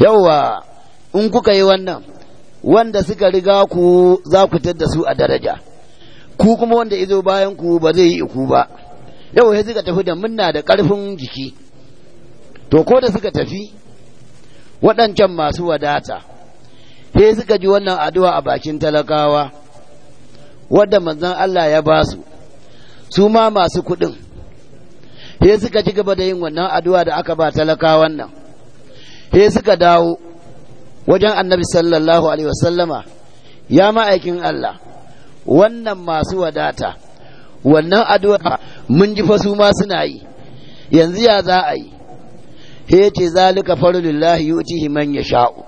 yawwa in kuka yi wannan wanda suka riga ku za ku tadda su a daraja ku kuma wanda izo bayan ku ba zai yi iku ba yau sai suka tafi da munna da ƙarfin jiki to ko da suka tafi waɗancan masu wadata sai suka ji wannan addu'a a bakin talakawa wadda manzon Allah ya ba su su ma masu kuɗin sai suka ci gaba da yin wannan addu'a da aka ba talakawan nan sai suka dawo wajen annabi sallallahu alaihi wasallama ya ma'aikin Allah wannan masu wadata wannan addu'a mun ji fasu ma suna yi yanzu ya za a yi he ce zalika farulillahi yutihi man yasha'u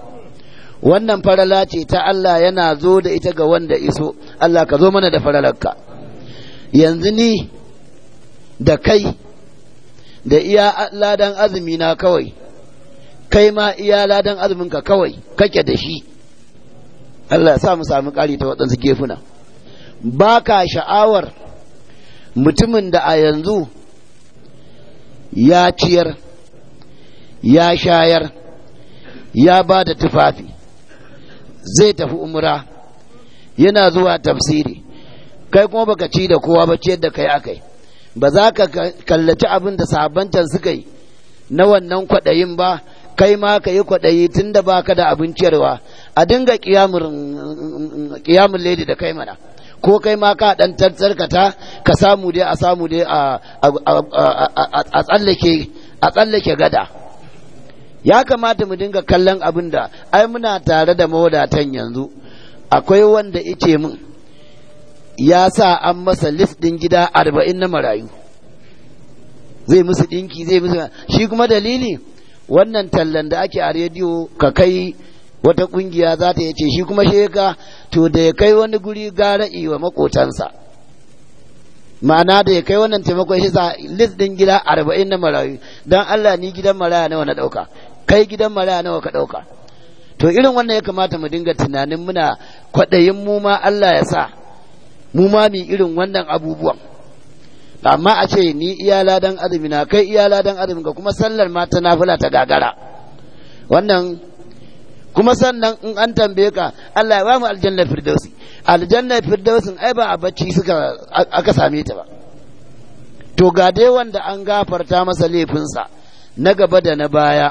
wannan farala ce ta Allah yana zo da ita ga wanda iso Allah ka zo mana da faralarka yanzu ni da kai da iya ladan azumi na kawai kai ma iya ladan ka kawai kake da shi Allah ya sa mu sami ƙari ta waɗansu gefuna ba ka sha'awar mutumin da a yanzu ya ciyar ya shayar ya ba da tufafi zai tafi umra yana zuwa tafsiri kai kuma baka ci da kowa ba ciyar da kai akai ba za ka kallaci abin da sabantan suka yi na wannan kwaɗayin ba kai ma ka yi kwaɗayi tun da ba ka da abin ciyarwa a dinga ƙiyamun lady da kai mana ko kai ma ka ɗan tattarkata ka samu dai a samu dai a tsallake gada ya kamata mu dinga kallon abin da ai muna tare da mawadatan yanzu akwai wanda ice min ya sa an masa list ɗin gida arba'in na marayu zai musu ɗinki zai musu shi kuma dalili wannan tallan da ake a rediyo ka kai wata kungiya za ta yace shi kuma sheka to da ya kai wani guri gara wa makotansa ma'ana da ya kai wannan taimakon shi sa list din gida arba'in na marayu don Allah ni gidan maraya nawa na ɗauka kai gidan maraya nawa ka ɗauka to irin wannan ya kamata mu dinga tunanin muna kwaɗayin mu ma Allah ya sa mu ma mu irin wannan abubuwan amma a ce ni iya ladan azumi na kai iya ladan azumi ga kuma sallar ma ta nafila ta gagara wannan kuma sannan in an tambaye ka Allah ya bamu aljanna firdausi aljanna firdausin ai ba a bacci suka aka same ta ba to ga dai wanda an gafarta masa laifinsa na gaba da na baya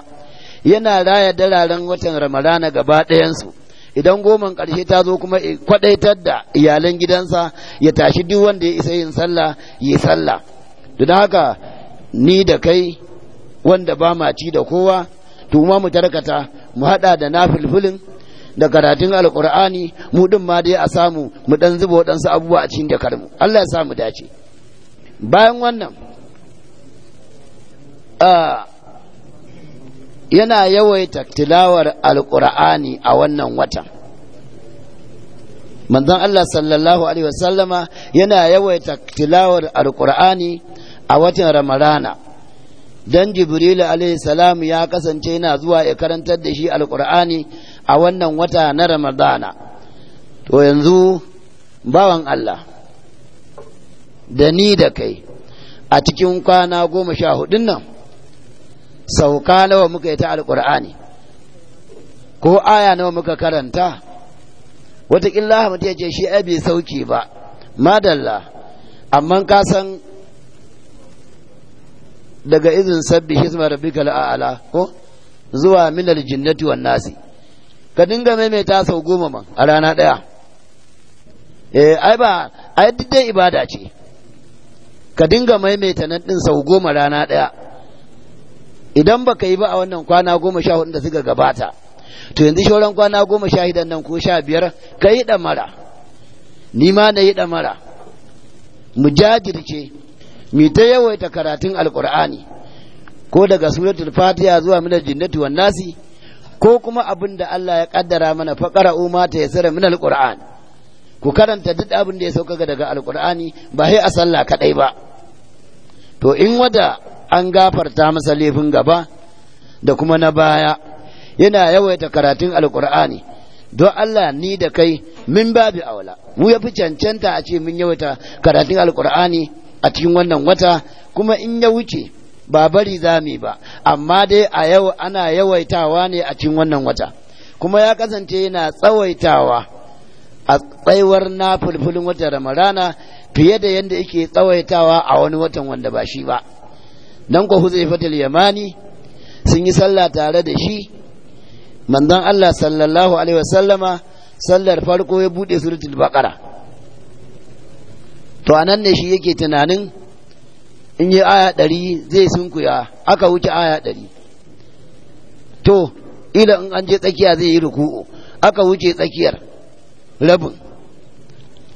yana raya dararen watan ramadana gaba ɗayansu idan goman ƙarshe ta zo kuma kwaɗaitar da iyalan gidansa ya tashi duk wanda ya isa yin sallah yi sallah don haka ni da kai wanda ba ma ci da kowa to mu tarkata mu haɗa da na filfilin da karatun Alƙur'ani mu din ma dai a samu mu dan zuba waɗansu abubuwa a cikin jakar mu Allah ya sa dace bayan wannan ah, yana yawaita tilawar alkur'ani a wannan watan manzon Allah sallallahu alaihi wasallama yana yawaita tilawar alkur'ani a watan ramadana Don jibril alaihi salam ya kasance yana zuwa ya karantar da shi alkur'ani a wannan wata na ramadana to yanzu bawan Allah da ni da kai a cikin kwana goma sha hudun nan sauka nawa muka yi ta alƙur'ani ko aya nawa muka karanta wataƙila hamadu ya ce shi ai bai sauki ba madalla amma ka san daga izin sabbi hisma rabbika la'ala ko zuwa minal jinnati wan nasi ka dinga maimaita sau goma ma a rana ɗaya eh ai ba ai duk dai ibada ce ka dinga maimaita na ɗin sau goma rana ɗaya idan baka yi ba a wannan kwana goma sha hudu da suka gabata to yanzu shauran kwana goma sha hidan nan ko sha biyar ka yi ɗamara ni ma na yi ɗamara mu jajirce mu ta yawaita karatun alkur'ani ko daga suratul fatiha zuwa minal jinnati wan nasi ko kuma abin da Allah ya kaddara mana faqara umma ta yasara minal qur'an ku karanta duk abin da ya sauka daga alkur'ani ba sai a sallah kadai ba to in wada an gafarta masa laifin gaba da kuma na baya yana yawaita karatun alkur'ani don Allah ni da kai min babu aula mu ya fi cancanta a ce mun yawaita karatun alkur'ani a cikin wannan wata kuma in ya wuce ba bari za mu ba amma dai a yau ana yawaitawa ne a cikin wannan wata kuma ya kasance yana tsawaitawa a tsaiwar na fulfulin wata ramarana fiye da yadda yake tsawaitawa a wani watan wanda ba shi ba dan ko huzaifatul yamani sun yi sallah tare da shi manzon Allah sallallahu alaihi wasallama sallar farko ya bude suratul baqara to anan ne shi yake tunanin in yi aya ɗari zai sunkuya aka wuce aya ɗari to ila in an je tsakiya zai yi ruku'u aka wuce tsakiyar rabin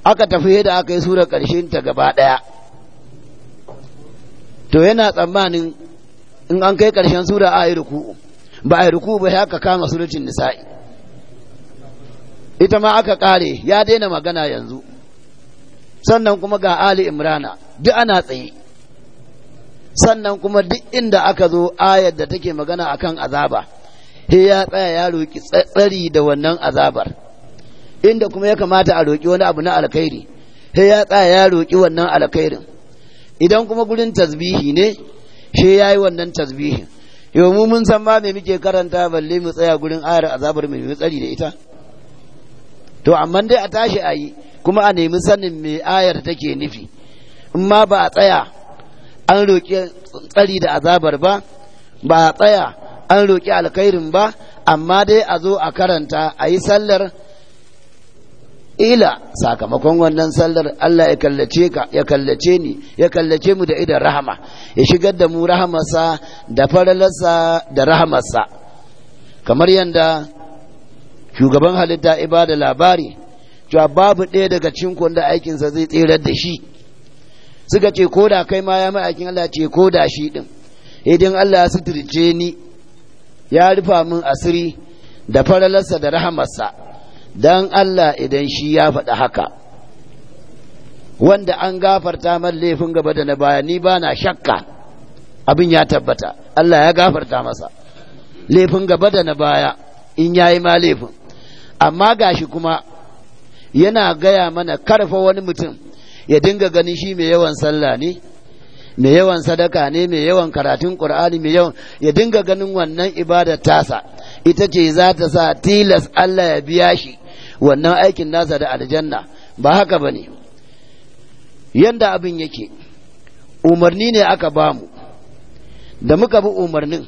aka tafi da aka yi sura ƙarshen ta gaba ɗaya to yana tsammanin in an kai karshen sura a yi ruku ba a yi ruku ba ya kama suratin nisa'i ita ma aka kare ya daina magana yanzu sannan kuma ga ali imrana duk ana tsaye sannan kuma duk inda aka zo ayar da take magana akan azaba he ya tsaya ya roƙi tsari da wannan azabar inda kuma ya kamata a roƙi wani abu na alkhairi he ya tsaya ya roƙi wannan alkhairin idan kuma gurin tasbihi ne shi ya yi wannan tasbihin yau mu mun san ma me muke karanta balle mu tsaya gurin ayar azabar mai mu tsari da ita to amma dai a tashi a yi kuma a nemi sanin mai ayar take nufi in ma ba a tsaya an roƙi tsari da azabar ba ba a tsaya an roƙi alkhairin ba amma dai a zo a karanta a yi sallar ila sakamakon wannan sallar Allah ya kallace ka ya kallace ni ya kallace mu da idan rahama ya shigar da mu rahamarsa da faralarsa da rahamarsa kamar yadda shugaban halitta ibada labari cewa babu ɗaya daga cikin da aikinsa zai tsirar da shi suka ce ko da kai ma ya mai aikin Allah ce ko da shi din idan eh, Allah ya suturce ni ya rufa min asiri da faralarsa da rahamarsa dan Allah idan shi ya faɗi haka wanda an gafarta man laifin gaba da na baya ni ba na shakka abin ya tabbata Allah ya gafarta masa laifin gaba da na baya in ya yi ma laifin amma gashi kuma yana gaya mana karfa wani mutum ya dinga ganin shi mai yawan sallah ne mai yawan sadaka ne mai yawan karatun ƙur'ani mai yawan ya dinga ganin wannan ibadar tasa ita ce za ta sa tilas Allah ya biya shi wannan aikin nasa da aljanna ba haka ba ne yadda abin yake umarni ne aka bamu da muka bi umarnin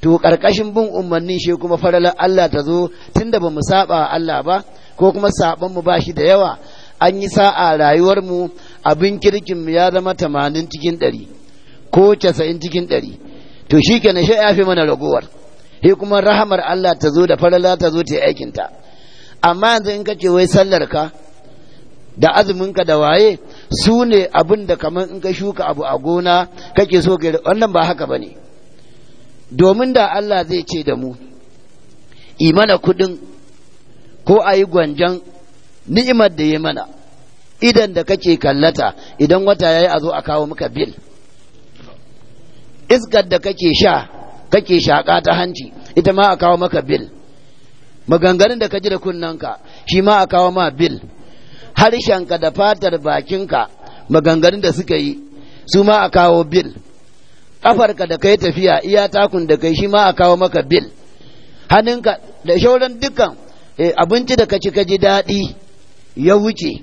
to ƙarƙashin bin umarnin shi kuma faralar Allah ta zo tun da ba mu saba Allah ba ko kuma saban mu ba shi da yawa an yi sa'a rayuwarmu abin kirkinmu ya zama tamanin cikin ɗari ko casa'in cikin ɗari to shi kenan shi ya fi mana ragowar sai kuma rahamar Allah ta zo da falala ta zo ta aikinta amma yanzu in kace wai sallar ka da azumin ka da waye su ne abin da kamar in ka shuka abu a gona kake so ka wannan ba haka bane domin da Allah zai ce da mu imana kudin ko ayi gwanjan ni'imar da ya mana idan da kake kallata idan wata yayi a zo a kawo maka bil iskar da kake sha kake shaka ta hanci ita ma a kawo maka bil maganganun da ka ji da kunnanka shi ma a kawo ma bil harshenka da fatar bakinka maganganun da suka yi su ma a kawo bil ƙafarka da kai tafiya iya takun da kai shi ma a kawo maka bil hannunka da shauran dukkan eh, abinci da ka ci ka daɗi ya wuce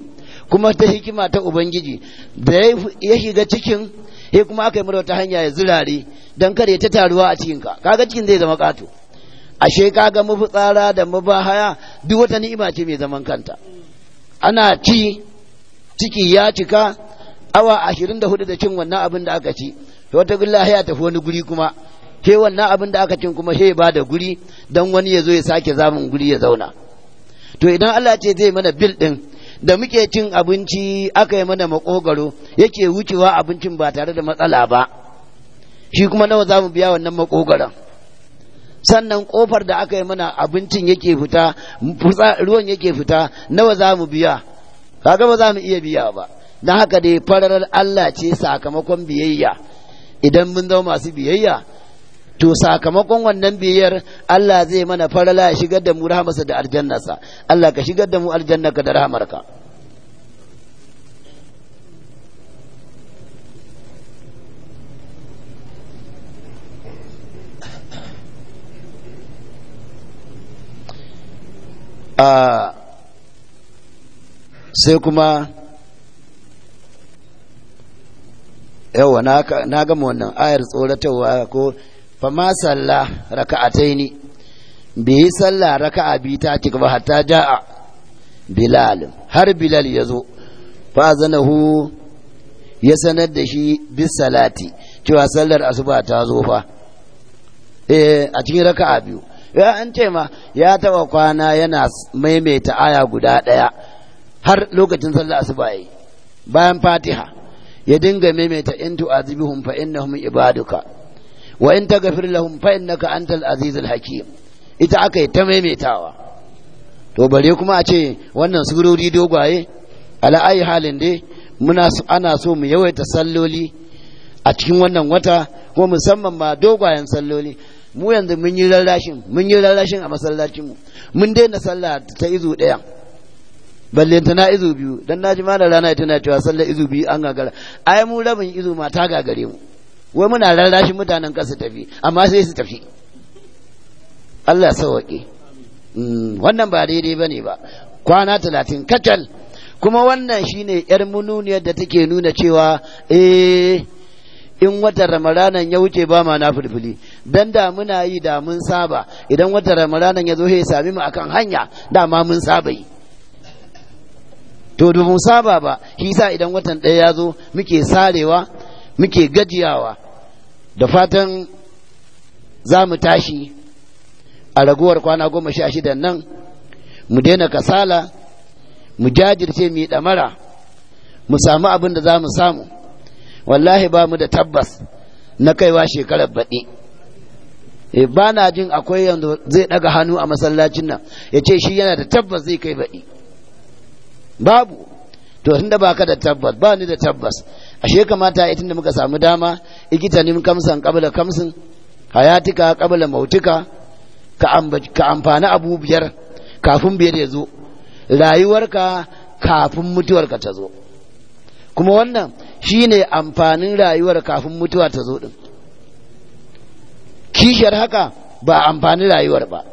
kuma ta hikima ta ubangiji da ya shiga cikin sai kuma aka yi mura wata hanya ya zirare don kare ta taruwa a cikinka kaga cikin zai zama ƙato ashe kaga mafitsara da haya duk wata ni'ima ce mai zaman kanta ana ci ciki ya cika awa ashirin da hudu da cin wannan abin da aka ci to wata gullahi ya tafi wani guri kuma ke wannan abin da aka cin kuma sai ba da guri dan wani ya zo ya sake zamun guri ya zauna to idan Allah ce zai mana bil din da muke cin abinci aka yi mana makogaro yake wucewa abincin ba tare da matsala ba shi kuma nawa zamu biya wannan makogaron sannan kofar da aka yi mana abincin yake fita ruwan yake fita nawa za mu biya kaga ba za mu iya biya ba na haka dai farar Allah ce sakamakon biyayya idan mun zama masu biyayya to sakamakon wannan biyayyar Allah zai mana farala ya shigar da mu rahamarsa da aljannarsa Allah ka shigar da mu aljannarka da rahamarka sai kuma yawa na gama wannan ayar tsoratarwa ko fama salla raka'atai ne bai yi salla a bi ta cika ba hatta ja'a bilal har bilal ya zo fa hu ya sanar da shi bis salati cewa sallar asuba ta zo fa eh, a cikin raka a biyu ya an ce ma ya taba kwana yana maimaita aya guda ɗaya har lokacin sallah asuba yi bayan fatiha ya dinga maimaita in tu'azibihum fa innahum ibaduka wa in taghfir lahum fa innaka antal azizul hakim ita aka yi ta maimaitawa to bare kuma a ce wannan sururi dogwaye ala ayi halin dai muna ana so mu yawaita salloli a cikin wannan wata kuma musamman ma dogayen salloli mu yanzu mun yi rarrashin mun yi rarrashin a masallacin mu mun daina sallah ta izu ɗaya balle ta na izu biyu dan naji ma da rana tana cewa sallar izu biyu an gagara ai mu rabin izu ma ta gagare mu wai muna rarrashin mutanen kasu tafi amma sai su tafi Allah sauwaƙe mm, wannan ba daidai bane ba kwana talatin kacal kuma wannan shine yar mununiyar da take nuna cewa eh in watan ramadanan ya wuce ba ma na filfili dan da muna yi da mun saba idan watan ramadanan ya zo ya sami mu akan hanya da ma mun saba yi to da mun saba ba hisa idan watan ɗaya ya zo muke sarewa muke gajiyawa da fatan za mu tashi a raguwar kwana goma sha shidan nan mu daina kasala mu jajirce mu yi ɗamara mu samu abin da za mu samu wallahi ba mu da tabbas na kaiwa shekarar baɗi e ba na jin akwai yanzu zai ɗaga hannu a masallacin nan ya ce shi yana da tabbas zai kai baɗi babu to tunda ba ka da tabbas ba ni da tabbas ashe kamata ita da muka samu dama ikitanin kamsan kabla kamsin hayatika kabla mautika ka amfani abu biyar kafin biyar ya zo rayuwarka kafin mutuwarka ta zo kuma wannan Shi ne amfanin rayuwar kafin mutuwa ta zo din kishiyar haka ba amfanin rayuwar ba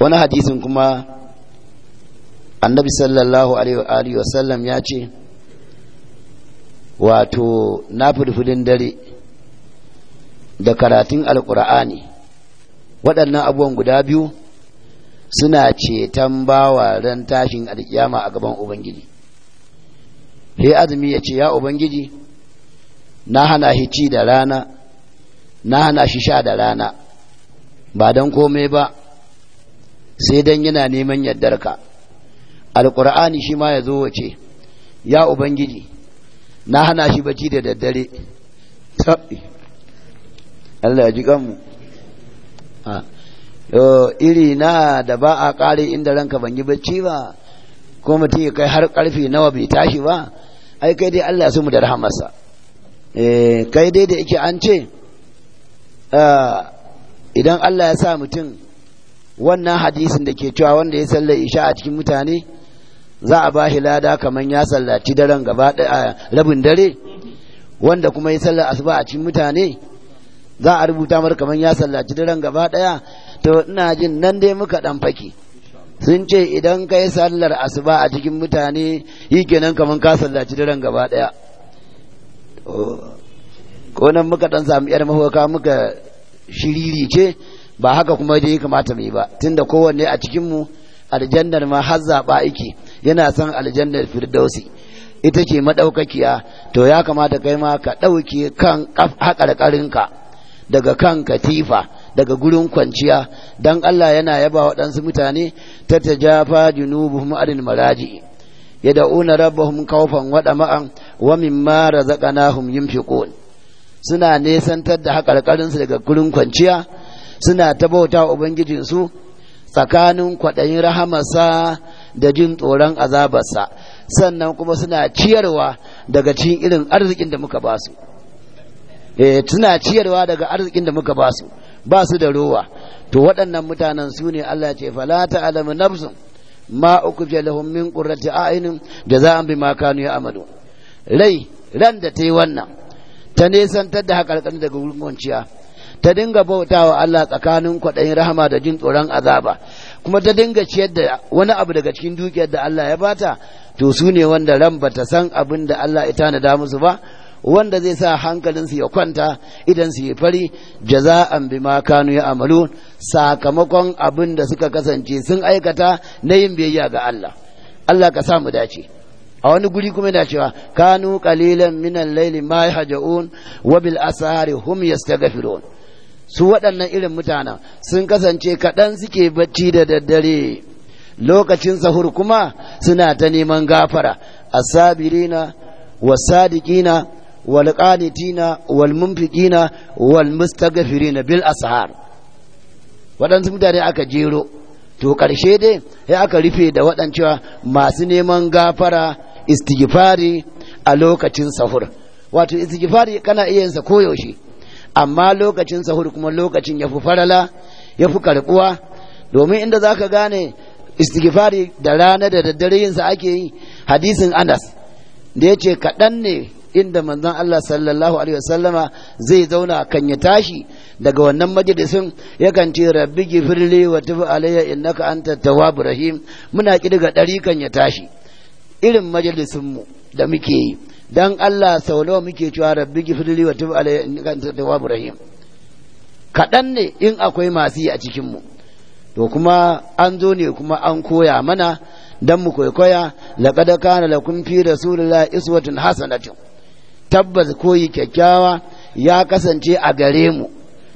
wani hadisin kuma annabi sallallahu alaihi wa sallam ya ce wato na firfidin dare da karatun alkur'ani waɗannan abubuwan guda biyu suna ceton bawa ran tashin alkiyama a gaban ubangiji He azumi ya ce ya ubangiji na hana shi ci da rana na hana shi sha da rana ba don komai ba sai don yana neman yardarka alkur'ani shi ma ya zo wace ya ubangiji na hana shi bacci da daddare Allah ji kanmu iri na da ba a ƙare inda ranka ban yi bacci ba ko mutum ya kai har karfe nawa bai tashi ba ai kai dai Allah su mu da rahamarsa eh, kai dai da yake an ce ah, idan Allah ya sa mutum wannan hadisin da ke cewa wanda ya sallar isha a cikin mutane za a bashi lada kamar ya sallaci daren gaba rabin dare wanda kuma ya sallar asuba a cikin mutane za a rubuta mar kamar ya sallaci daren gaba daya to ina jin nan dai muka dan faki sun ce idan ka sallar asuba a cikin mutane yi kenan kamar ka sallaci daren gaba daya ko nan muka dan samu yar mahauka muka shiriri ce ba haka kuma dai kamata mu ba tunda kowanne a cikin mu aljannar ma har zaba yake yana son aljannar firdausi ita ce maɗaukakiya to ya kamata kai ma ka ɗauke kan haƙarƙarinka daga kan katifa daga gurin kwanciya dan Allah yana yaba waɗansu mutane ta ta tajafa junubuhum adil maraji yad'una rabbahum kawfan wa dama'an wa mimma razaqnahum yunfiqun suna nesantar da hakarkarin su daga gurin kwanciya suna ta bauta ubangijin su tsakanin kwaɗayin rahamarsa da jin tsoron azabarsa sannan kuma suna ciyarwa daga cikin irin arzikin da muka basu Eh, suna ciyarwa daga arzikin da muka ba su ba su da rowa to waɗannan mutanen su ne Allah ce fala ta'lamu nafsun ma ukuje lahum min qurrati a'yunin jaza'an bima kanu ya'malu rai ran da ta wannan ta nesantar da hakarkar daga gurgunciya ta dinga bautawa Allah tsakanin kwaɗayin rahama da jin tsoron azaba kuma ta dinga ciyar da wani abu daga cikin dukiyar da Allah ya bata to su ne wanda ran bata san abinda da Allah ya tanada musu ba wanda zai sa hankalinsu ya kwanta idan su yi fari jaza'an ma kanu ya amalu sakamakon abin da suka kasance sun aikata na yin biyayya ga Allah Allah ka samu dace a wani guri kuma yana cewa kanu qalilan min al-layli ma yahjaun wa bil asari hum yastaghfirun su waɗannan irin mutanen sun kasance kaɗan suke bacci da daddare lokacin sahur kuma suna ta neman gafara asabirina wasadikina والقانتين والمنفقين والمستغفرين بالأسهار waɗansu mutane aka jero to ƙarshe dai sai aka rufe da waɗancewa masu neman gafara istighfari a lokacin sahur wato istighfari kana iya yinsa koyaushe amma lokacin sahur kuma lokacin ya fi farala ya fi karɓuwa domin inda za ka gane istighfari da rana da daddare yinsa ake yi hadisin anas da ya ce kaɗan ne inda manzon Allah sallallahu alaihi wasallama zai zauna kan ya tashi daga wannan majalisin kan ce rabbi gifirli wa tub alayya innaka anta tawwabur rahim muna kidiga dari kan ya tashi irin majalisin mu da muke yi dan Allah sau nawa muke cewa rabbi gifirli wa tub alayya innaka anta tawwabur rahim kadan ne in akwai masu yi a cikin mu to kuma an zo ne kuma an koya mana dan mu kwaikwaya laqad kana lakum fi rasulillahi iswatun hasanatun tabbas koyi kyakkyawa ya kasance a gare mu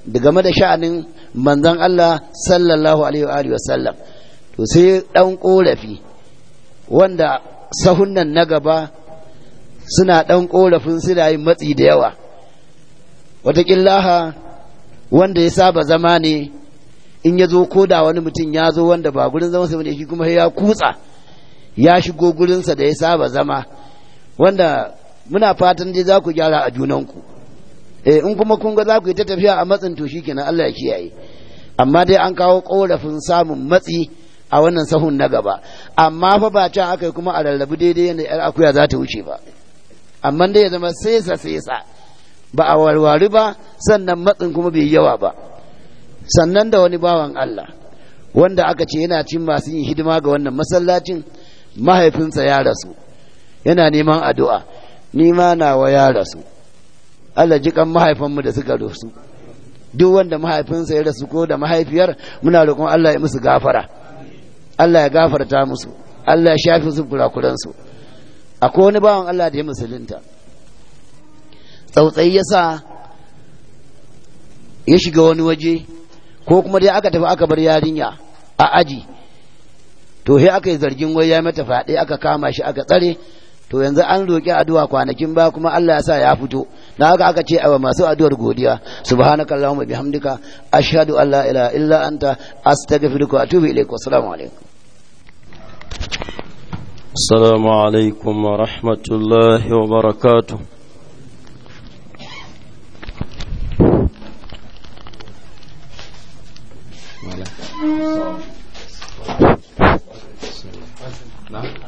game da sha'anin manzon Allah sallallahu alaihi wa sallam to sai dan korafi wanda sahunnan na gaba suna dan korafin suna yin matsi da yawa wataƙillaha wanda ya saba zama ne in ya zo ko da wani mutum ya zo wanda ba gurin zama sai shi kuma ya kutsa ya shigo gurinsa da ya saba zama wanda muna fatan dai za ku gyara a junanku eh in kuma kun ga za ku yi ta tafiya a matsin to shikenan Allah ya kiyaye amma dai an kawo korafin samun matsi a wannan sahun na gaba amma fa ba can aka yi kuma a rarrabu daidai yadda yar akuya za ta wuce ba amma dai ya zama sesa sesa ba a warware ba sannan matsin kuma bai yawa ba sannan da wani bawan Allah wanda aka ce yana cin masu yin hidima ga wannan masallacin mahaifinsa ya rasu yana neman addu'a ni ma nawa ya rasu Allah ji kan mahaifanmu da suka rasu duk wanda mahaifinsa ya rasu ko da mahaifiyar muna roƙon Allah ya musu gafara Allah ya gafarta musu Allah ya shafi su kurakuransu akwai wani bawan Allah da ya musulunta tsautsayi ya sa ya shiga wani waje ko kuma dai aka tafi aka bar yarinya a aji to he aka yi zargin wai ya mata faɗi aka kama shi aka tsare to yanzu an roƙi addu'a kwanakin ba kuma Allah ya sa ya fito na haka aka ce awa masu addu'ar godiya subhanaka allahumma bihamdika ashhadu an la ilaha illa anta astaghfiruka wa atubu ilaik assalamu alaikum assalamu alaikum wa rahmatullahi wa barakatuh Voilà.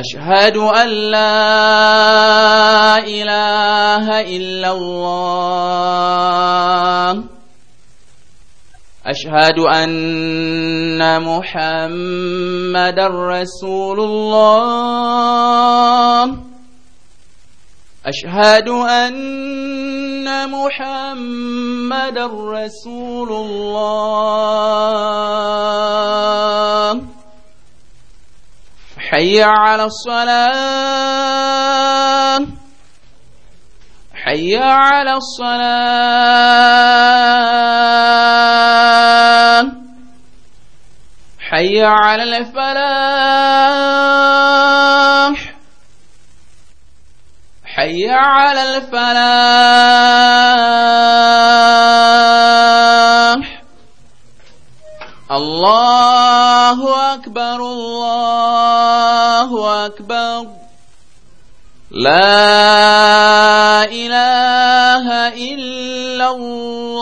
أشهد أن لا إله إلا الله أشهد أن محمد رسول الله أشهد أن محمد رسول الله حي على الصلاة حي على الصلاة حي على الفلاح حي على الفلاح الله أكبر الله أكبر لا إله إلا الله